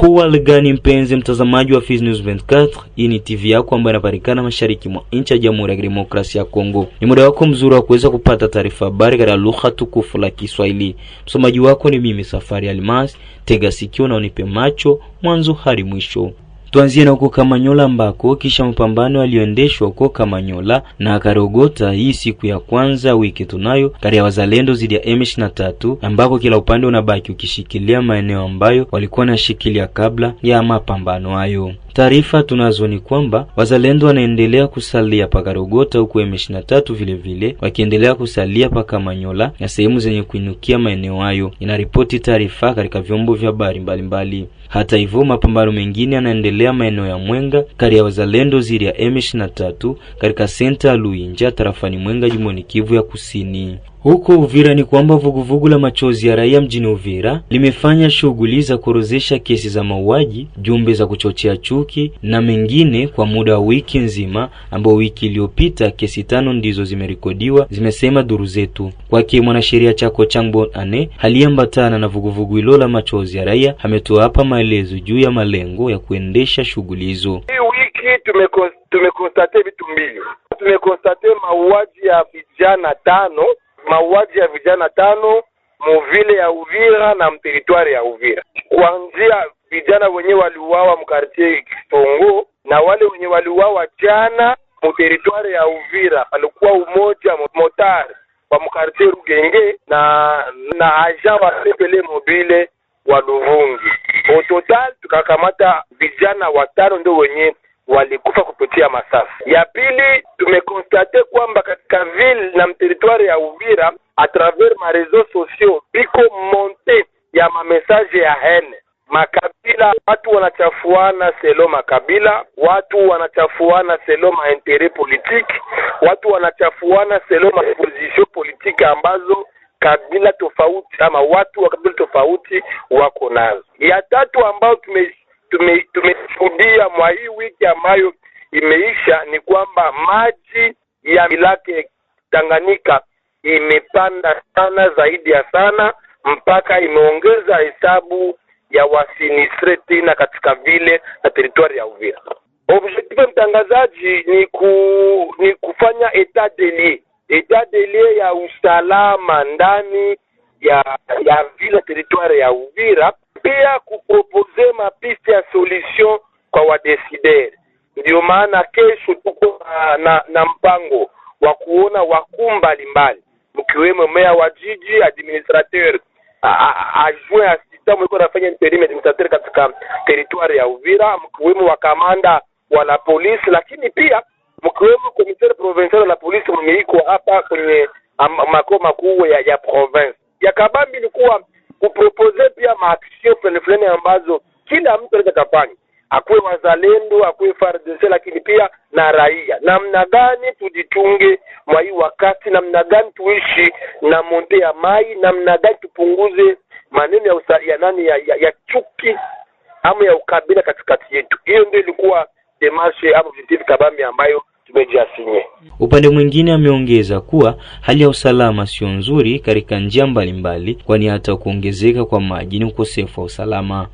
Huwali gani mpenzi mtazamaji wa Fizi News 24, hii ni TV yako ambayo inapatikana mashariki mwa nchi ya Jamhuri ya Kidemokrasia ya Kongo. Ni muda wako mzuri wa kuweza kupata taarifa habari katika lugha tukufu la Kiswahili. Msomaji wako ni mimi Safari Almas. Tega sikio na unipe macho mwanzo hadi mwisho. Tuanzie na huko Kamanyola ambako kisha mapambano yaliyoendeshwa huko Kamanyola na Karogota hii siku ya kwanza wiki tunayo kati ya wazalendo zidi ya M23, ambako kila upande unabaki ukishikilia maeneo ambayo walikuwa wanashikilia kabla ya mapambano hayo. Taarifa tunazo ni kwamba wazalendo wanaendelea kusalia paka Rogota, huku M23 vilevile wakiendelea kusalia paka Manyola na sehemu zenye kuinukia maeneo hayo, inaripoti taarifa katika vyombo vya habari mbalimbali. Hata hivyo, mapambano mengine yanaendelea maeneo ya Mwenga kari ya wazalendo ziri ya M23 katika senta ya Luinja tarafani Mwenga, jimboni Kivu ya Kusini. Huko Uvira ni kwamba vuguvugu la machozi ya raia mjini Uvira limefanya shughuli za kuorozesha kesi za mauaji, jumbe za kuchochea chuki na mengine kwa muda wa wiki nzima, ambao wiki iliyopita kesi tano ndizo zimerekodiwa, zimesema duru zetu. Kwake mwanasheria Chako Changbo Ane haliambatana na vuguvugu hilo la machozi ya raia, ametoa hapa maelezo juu ya malengo ya kuendesha shughuli hizo. Hii wiki tumekonstate vitu mbili, tumekonstate mauaji ya vijana tano mauaji ya vijana tano muvile ya Uvira na mteritwari ya Uvira, kuanzia vijana wenye waliuawa mkartie Kisongo na wale wenye waliuawa jana muteritwari ya Uvira, palikuwa umoja motari wa mkartie Rugenge na na aja wa pepele mobile wa Luvungi. Ototal tukakamata vijana watano ndio wenye walikufa kupitia masafa. Ya pili, tumekonstate kwamba katika ville na mteritwari ya Uvira a travers ma reseaux sociaux biko monte ya mamesaje ya hene makabila watu wanachafuana selo makabila, watu wanachafuana selo maentere politiki, watu wanachafuana selo maposition politiki ambazo kabila tofauti ama watu wa kabila tofauti wako nazo. Ya tatu ambayo tume tumeshuhudia tume mwa hii wiki ambayo imeisha ni kwamba maji ya milake Tanganyika imepanda sana zaidi ya sana mpaka imeongeza hesabu ya wasinistre tena katika vile na teritwari ya Uvira. Objective mtangazaji ni ku, ni kufanya etat delie etat ya usalama ndani ya ya vile teritwari ya Uvira pia kupropose mapiste ya solution kwa wadesider. Ndio maana kesho tuko na, na, na mpango wa kuona wakuu mbalimbali mkiwemo meya wa jiji, administrateur adjoint asista mwiko nafanya interim administrateur katika territoire ya Uvira, mkiwemo wa kamanda wa la polisi, lakini pia mkiwemo commissaire provincial la polisi mwenye iko hapa kwenye makao makuu ya, ya province ya Kabambi kuwa kupropose pia maaksio fulani fulani ambazo kila mtu anaweza kafanya, akuwe wazalendo, akuwe fardese lakini pia na raia. Namna gani tujitunge mwa hii wakati, namna gani tuishi na monte ya mai, namna gani tupunguze maneno ya, usa, ya nani ya, ya, ya chuki ama ya ukabila katikati yetu. Hiyo ndio ilikuwa demarshe ama objectif kabambi ambayo tumejiasinye. Upande mwingine ameongeza kuwa hali ya usalama sio nzuri katika njia mbalimbali, kwani hata kuongezeka kwa maji ni ukosefu wa usalama.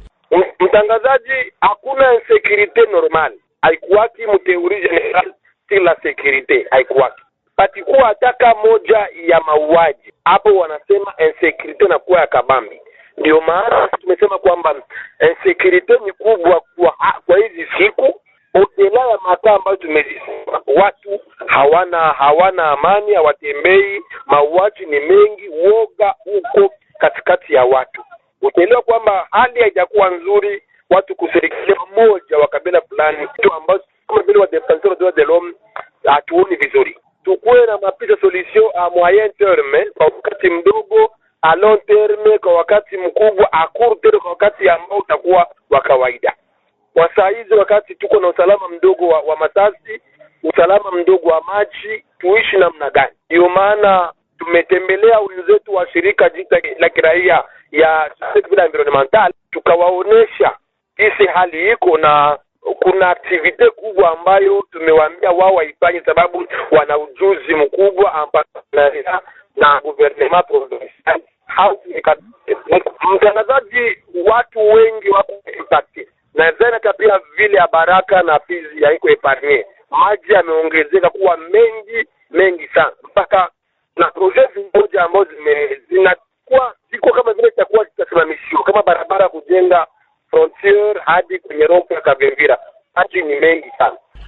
Mtangazaji, hakuna insecurite normal, haikuwaki mteuri general sila securite haikuwaki patikuwa hataka moja ya mauaji hapo, wanasema insecurite na kuwa ya kabambi. Ndio maana tumesema kwamba insecurite ni kubwa kwa, kwa hizi siku Odela ya mataa ambayo tumezisema, watu hawana hawana amani, hawatembei, mauaji ni mengi, woga huko katikati ya watu. Utaelewa kwamba hali haijakuwa nzuri, watu kuserikia mmoja wa kabila fulani, kitu ambacho kama vile wa defenseur droit de hatuoni vizuri. Tukuwe na mapisa solution a moyen terme, kwa wakati mdogo, a long terme, kwa wakati mkubwa, a court terme, kwa wakati ambao utakuwa wa kawaida. Kwa saa hizi wakati tuko na usalama mdogo wa, wa masasi, usalama mdogo wa maji, tuishi namna gani? Ndiyo maana tumetembelea wenzetu wa shirika jita la kiraia ya Civil Environmental, tukawaonesha hali iko na kuna aktivite kubwa ambayo tumewaambia wao waifanye, sababu wana ujuzi mkubwa ambao na guvernema provincial. Mtangazaji, watu wengi wako na zana kapia vile ya Baraka na Fizi haiko epanye maji yameongezeka kuwa mengi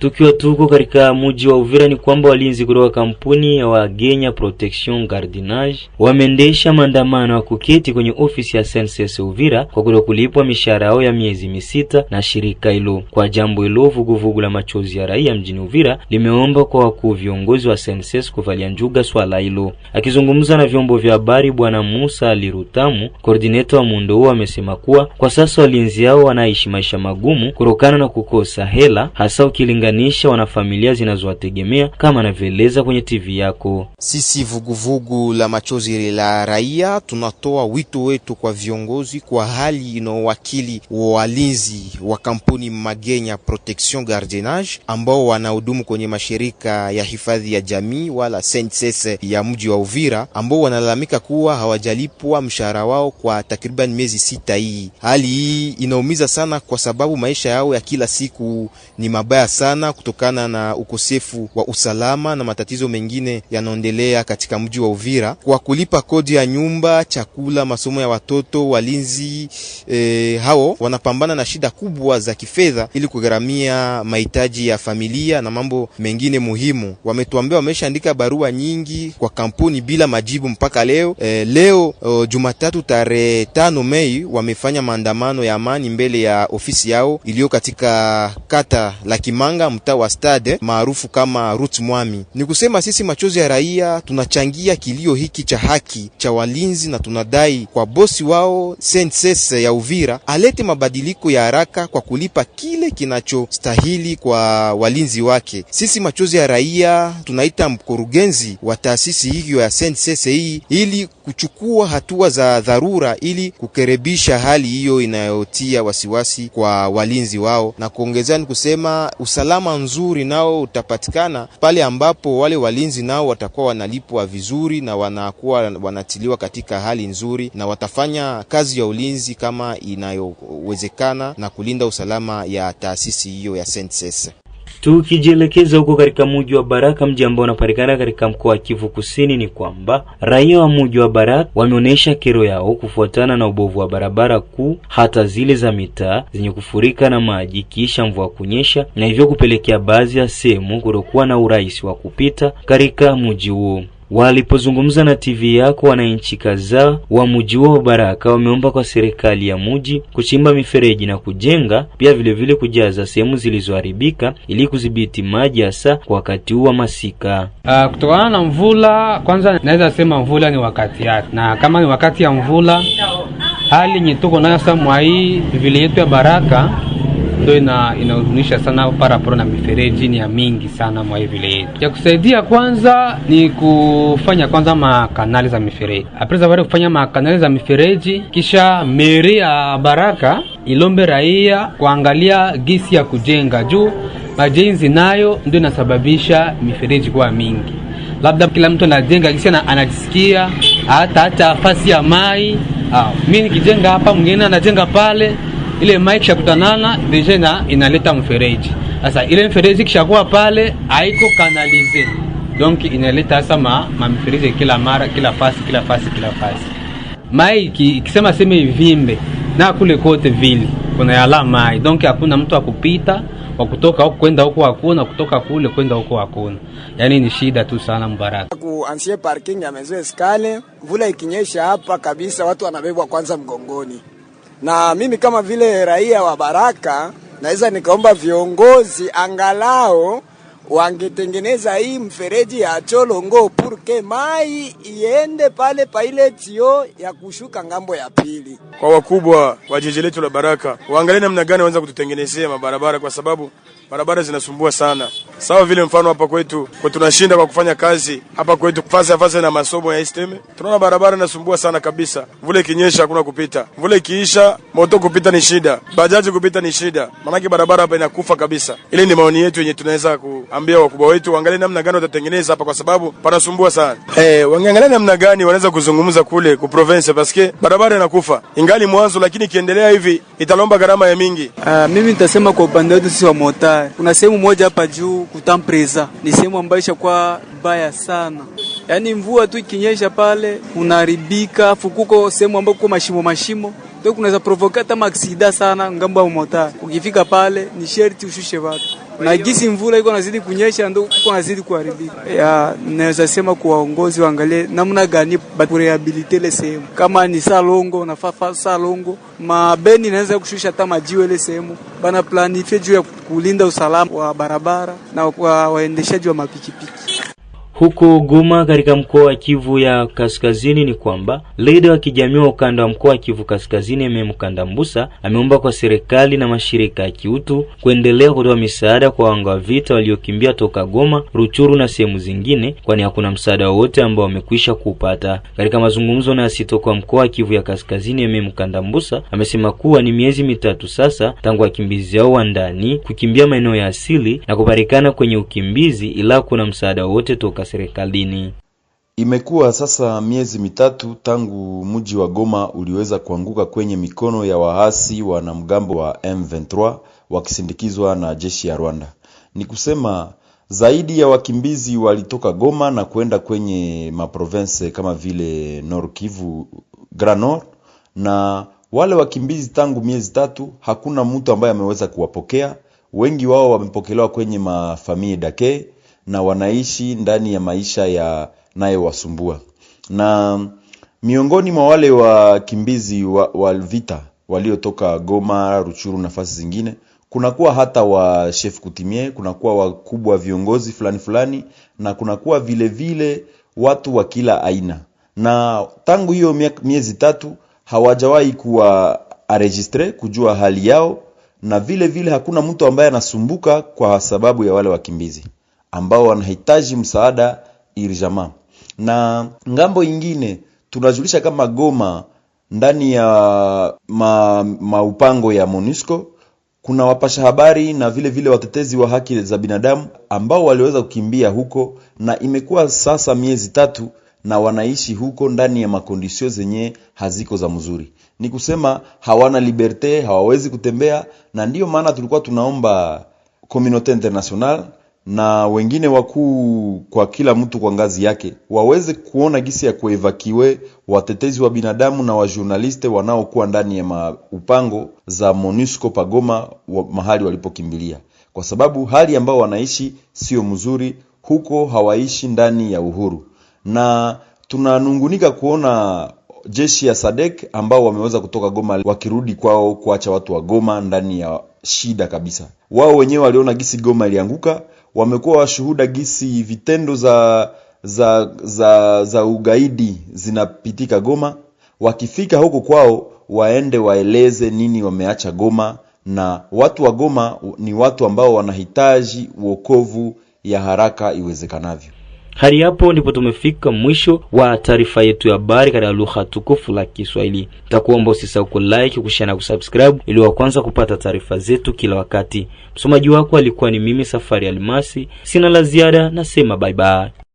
Tukiwa tuko katika muji wa Uvira ni kwamba walinzi kutoka kampuni ya Wagenya Protection Gardinage wameendesha maandamano ya kuketi kwenye ofisi ya SNCC Uvira kwa kutokulipwa mishahara yao ya miezi misita na shirika hilo. Kwa jambo hilo, vuguvugu la machozi ya raia mjini Uvira limeomba kwa wakuu viongozi wa SNCC kuvalia njuga swala hilo. Akizungumza na vyombo vya habari, bwana Musa Alirutamu, koordineta wa muundo huo, amesema kuwa kwa sasa walinzi hao wanaishi maisha magumu kutokana na kukosa hela hasa ukilinga kuwatenganisha wanafamilia zinazowategemea kama anavyoeleza kwenye TV yako. Sisi vuguvugu vugu la machozi la raia tunatoa wito wetu kwa viongozi kwa hali inaowakili walinzi wa kampuni Magenya Protection Gardenage ambao wanahudumu kwenye mashirika ya hifadhi ya jamii wala SNCS ya mji wa Uvira ambao wanalalamika kuwa hawajalipwa mshahara wao kwa takriban miezi sita. Hii hali hii inaumiza sana, kwa sababu maisha yao ya kila siku ni mabaya sana sana kutokana na ukosefu wa usalama na matatizo mengine yanaendelea katika mji wa Uvira kwa kulipa kodi ya nyumba, chakula, masomo ya watoto, walinzi e, hao wanapambana na shida kubwa za kifedha ili kugharamia mahitaji ya familia na mambo mengine muhimu. Wametuambia wameshaandika barua nyingi kwa kampuni bila majibu mpaka leo. E, leo o, Jumatatu tarehe tano Mei wamefanya maandamano ya amani mbele ya ofisi yao iliyo katika kata la Kimanga katika mtaa wa Stade maarufu kama rut Mwami. Ni kusema sisi machozi ya raia tunachangia kilio hiki cha haki cha walinzi, na tunadai kwa bosi wao SNCS ya Uvira alete mabadiliko ya haraka kwa kulipa kile kinachostahili kwa walinzi wake. Sisi machozi ya raia tunaita mkurugenzi wa taasisi hiyo ya SNCS hii ili kuchukua hatua za dharura ili kukerebisha hali hiyo inayotia wasiwasi kwa walinzi wao, na kuongezea ni kusema usalama nzuri nao utapatikana pale ambapo wale walinzi nao watakuwa wanalipwa vizuri na wanakuwa wanatiliwa katika hali nzuri, na watafanya kazi ya ulinzi kama inayowezekana na kulinda usalama ya taasisi hiyo ya SNCS. Tukijielekeza huko katika mji wa Baraka, mji ambao unapatikana katika mkoa wa Kivu Kusini, ni kwamba raia wa mji wa Baraka wameonyesha kero yao kufuatana na ubovu wa barabara kuu, hata zile za mitaa zenye kufurika na maji kisha mvua kunyesha, na hivyo kupelekea baadhi ya sehemu kutokuwa na urahisi wa kupita katika mji huo. Walipozungumza na TV yako, wananchi kadhaa wa mji wa Baraka wameomba kwa serikali ya mji kuchimba mifereji na kujenga pia vilevile vile kujaza sehemu zilizoharibika ili kudhibiti maji hasa kwa wakati huu wa masika. Uh, kutokana na mvula, kwanza naweza sema mvula ni wakati yake, na kama ni wakati ya mvula, hali yenye tuko nayo sasa mwa hii vile yetu ya Baraka ndio ina inahuzunisha sana paraporo na mifereji ni ya mingi sana mwa hii yetu. Ya kusaidia kwanza ni kufanya kwanza makanali za mifereji, apres kufanya makanali za mifereji, kisha meri ya Baraka ilombe raia kuangalia gisi ya kujenga juu majenzi nayo ndio inasababisha mifereji kuwa mingi. Labda kila mtu anajenga gisi anajisikia, hata hata afasi ya mai. Ah, mimi nikijenga hapa mwingine anajenga pale ile maji kishakutanana deja na inaleta mfereji. Sasa ile mfereji kishakuwa pale haiko kanalize, donc inaleta sasa ma, mfereji kila mara kila fasi kila fasi kila fasi mai ikisema seme ivimbe na kule kote vile kuna yala mai, donc hakuna mtu akupita wa kutoka huko kwenda huko hakuna, kutoka kule kwenda huko hakuna. Yaani ni shida tu sana Mbaraka. Ku ansie parking ya mezo escale, mvula ikinyesha hapa kabisa watu wanabebwa kwanza mgongoni na mimi kama vile raia wa Baraka naweza nikaomba viongozi angalao wangetengeneza hii mfereji ya Cholongo purke mai iende pale pa ile tio ya kushuka ngambo ya pili. Kwa wakubwa wa jiji letu la Baraka, waangalie namna gani wanaweza kututengenezea mabarabara, kwa sababu barabara zinasumbua sana, sawa vile mfano hapa kwetu kwa tunashinda kwa kufanya kazi hapa kwetu fasi ya fasi na masomo ya STM. tunaona barabara inasumbua sana kabisa. Mvule kinyesha hakuna kupita, mvule kiisha moto kupita ni shida, bajaji kupita ni shida, maanake barabara hapa inakufa kabisa. Ile ni maoni yetu yenye tunaweza kuambia wakubwa wetu, waangalie namna gani watatengeneza hapa, kwa sababu panasumbua sana eh, hey, wangeangalia namna gani wanaweza kuzungumza kule ku province, paske barabara inakufa ingali mwanzo, lakini kiendelea hivi italomba gharama ya mingi. Uh, mimi nitasema kwa upande wetu sisi wa mota hatari. Kuna sehemu moja hapa juu kutampreza, ni sehemu ambayo ishakuwa baya sana, yaani mvua tu ikinyesha pale unaharibika, fukuko sehemu ambayo kuko mashimo mashimo ndio kunaweza provoka hata maksida sana ngambo ya motari. Ukifika pale ni sherti ushushe watu na gisi mvula iko nazidi kunyesha ndo iko nazidi kuharibika. Ya naweza sema kuwaongozi waongozi waangalie namna gani kurehabilitate ile sehemu, kama ni salongo nafaa salongo mabeni naweza kushusha hata majiwe ile sehemu, bana planifie juu ya kulinda usalama wa barabara na wa waendeshaji wa mapikipiki. Huko Goma katika mkoa wa Kivu ya Kaskazini ni kwamba leader wa kijamii wa ukanda wa mkoa wa Kivu Kaskazini MM mbusa ameomba kwa serikali na mashirika ya kiutu kuendelea kutoa misaada kwa wanga wa vita waliokimbia toka Goma, Ruchuru na sehemu zingine, kwani hakuna msaada wowote ambao wamekwisha kuupata. Katika mazungumzo na asitoka mkoa wa Kivu ya Kaskazini, MM mbusa amesema kuwa ni miezi mitatu sasa tangu wakimbizi hao wa ndani kukimbia maeneo ya asili na kupatikana kwenye ukimbizi, ila hakuna msaada wowote toka serikalini. Imekuwa sasa miezi mitatu tangu mji wa Goma uliweza kuanguka kwenye mikono ya waasi wanamgambo wa M23 wakisindikizwa na jeshi ya Rwanda. Ni kusema zaidi ya wakimbizi walitoka Goma na kwenda kwenye maprovense kama vile Nord Kivu, Grand Nord na wale wakimbizi tangu miezi tatu hakuna mtu ambaye ameweza kuwapokea. Wengi wao wamepokelewa kwenye mafamilia dake na wanaishi ndani ya maisha yanayowasumbua na miongoni mwa wale wakimbizi wa, wa vita waliotoka Goma, Ruchuru, nafasi zingine kunakuwa hata wa chef kutimie, kunakuwa wakubwa viongozi fulani fulani, na kunakuwa vile vile watu wa kila aina, na tangu hiyo miezi tatu hawajawahi kuwa arejistre kujua hali yao, na vile vile hakuna mtu ambaye anasumbuka kwa sababu ya wale wakimbizi ambao wanahitaji msaada ili jamaa. Na ngambo ingine tunajulisha kama Goma ndani ya ma, maupango ya MONUSCO kuna wapasha habari na vile vile watetezi wa haki za binadamu ambao waliweza kukimbia huko, na imekuwa sasa miezi tatu na wanaishi huko ndani ya makondisio zenye haziko za mzuri, ni kusema hawana liberte, hawawezi kutembea, na ndiyo maana tulikuwa tunaomba communaute international na wengine wakuu kwa kila mtu kwa ngazi yake waweze kuona gisi ya kuevakiwe watetezi wa binadamu na wajurnaliste wanaokuwa ndani ya maupango za MONUSCO pagoma wa mahali walipokimbilia, kwa sababu hali ambao wanaishi sio mzuri huko, hawaishi ndani ya uhuru, na tunanungunika kuona jeshi ya Sadek ambao wameweza kutoka Goma wakirudi kwao kuacha watu wa Goma ndani ya shida kabisa. Wao wenyewe waliona gisi Goma ilianguka wamekuwa washuhuda gisi vitendo za za za za ugaidi zinapitika Goma. Wakifika huko kwao, waende waeleze nini wameacha Goma, na watu wa Goma ni watu ambao wanahitaji uokovu ya haraka iwezekanavyo. Hadi hapo ndipo tumefika mwisho wa taarifa yetu ya habari katika lugha tukufu la Kiswahili. Nitakuomba usisahau ku like, kushare na kusubscribe ili wa kwanza kupata taarifa zetu kila wakati. Msomaji wako alikuwa ni mimi Safari Almasi. Sina la ziada, nasema bye bye.